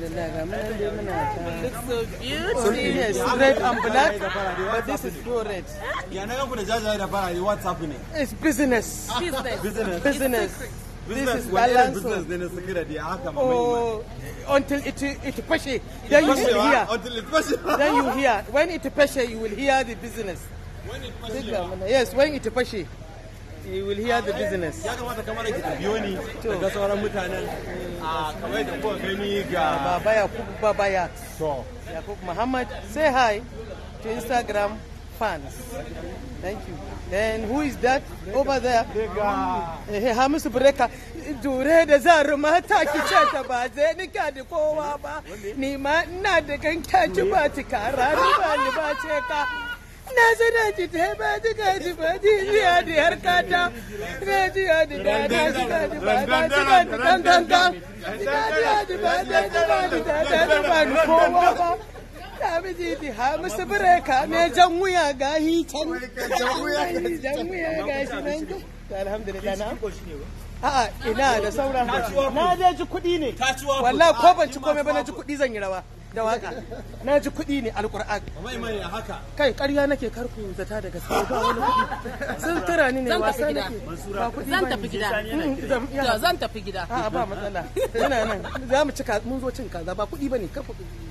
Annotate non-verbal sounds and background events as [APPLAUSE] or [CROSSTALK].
Looks so beautiful. Yes, red and black, but this is pure red. What's happening? It's business. Business. business. business. Business, this is balance. Business, then it's security. Oh, until it it pressure, [LAUGHS] then you will hear. Until it pressure. then you hear. When it pressure, you will hear the business. When it pressure. Yes, when it pressure you will hear the business ya kamata kamar mutanen a ah, kamar da kuka gani ga baba yakub baba ya to yakub muhammad say hi to instagram fans thank you then who is that over there Hey, eh, hamisu breka Dure da zaru mata ki ce ta ba zai nika da kowa ba ni na sana ji ta ba ji ga ji ba ji ji a di har ka ta ga ji a di da da ji ga ji ba da ji ga ji dan dan dan ji ga a di ba da ji ga ji da da ji ba ni kowa ba ta bi ji di ha mu su bire ka me jan wuya ga hi can jan wuya ga shi nan ko alhamdulillah na a'a ina da sauran na je ji kuɗi ne wallahi ko ban ci komai ba na ji kuɗi zan yi rawa da waka na ji kuɗi ne alƙur'an mai mai haka kai ƙarya nake karku zata da gaske ba wani kuɗi sun tura ni ne wasa nake ba kuɗi mm, zan tafi gida zan tafi gida a ba matsala yana nan za mu cika mun zo cin kaza ba kuɗi bane ka kuɗi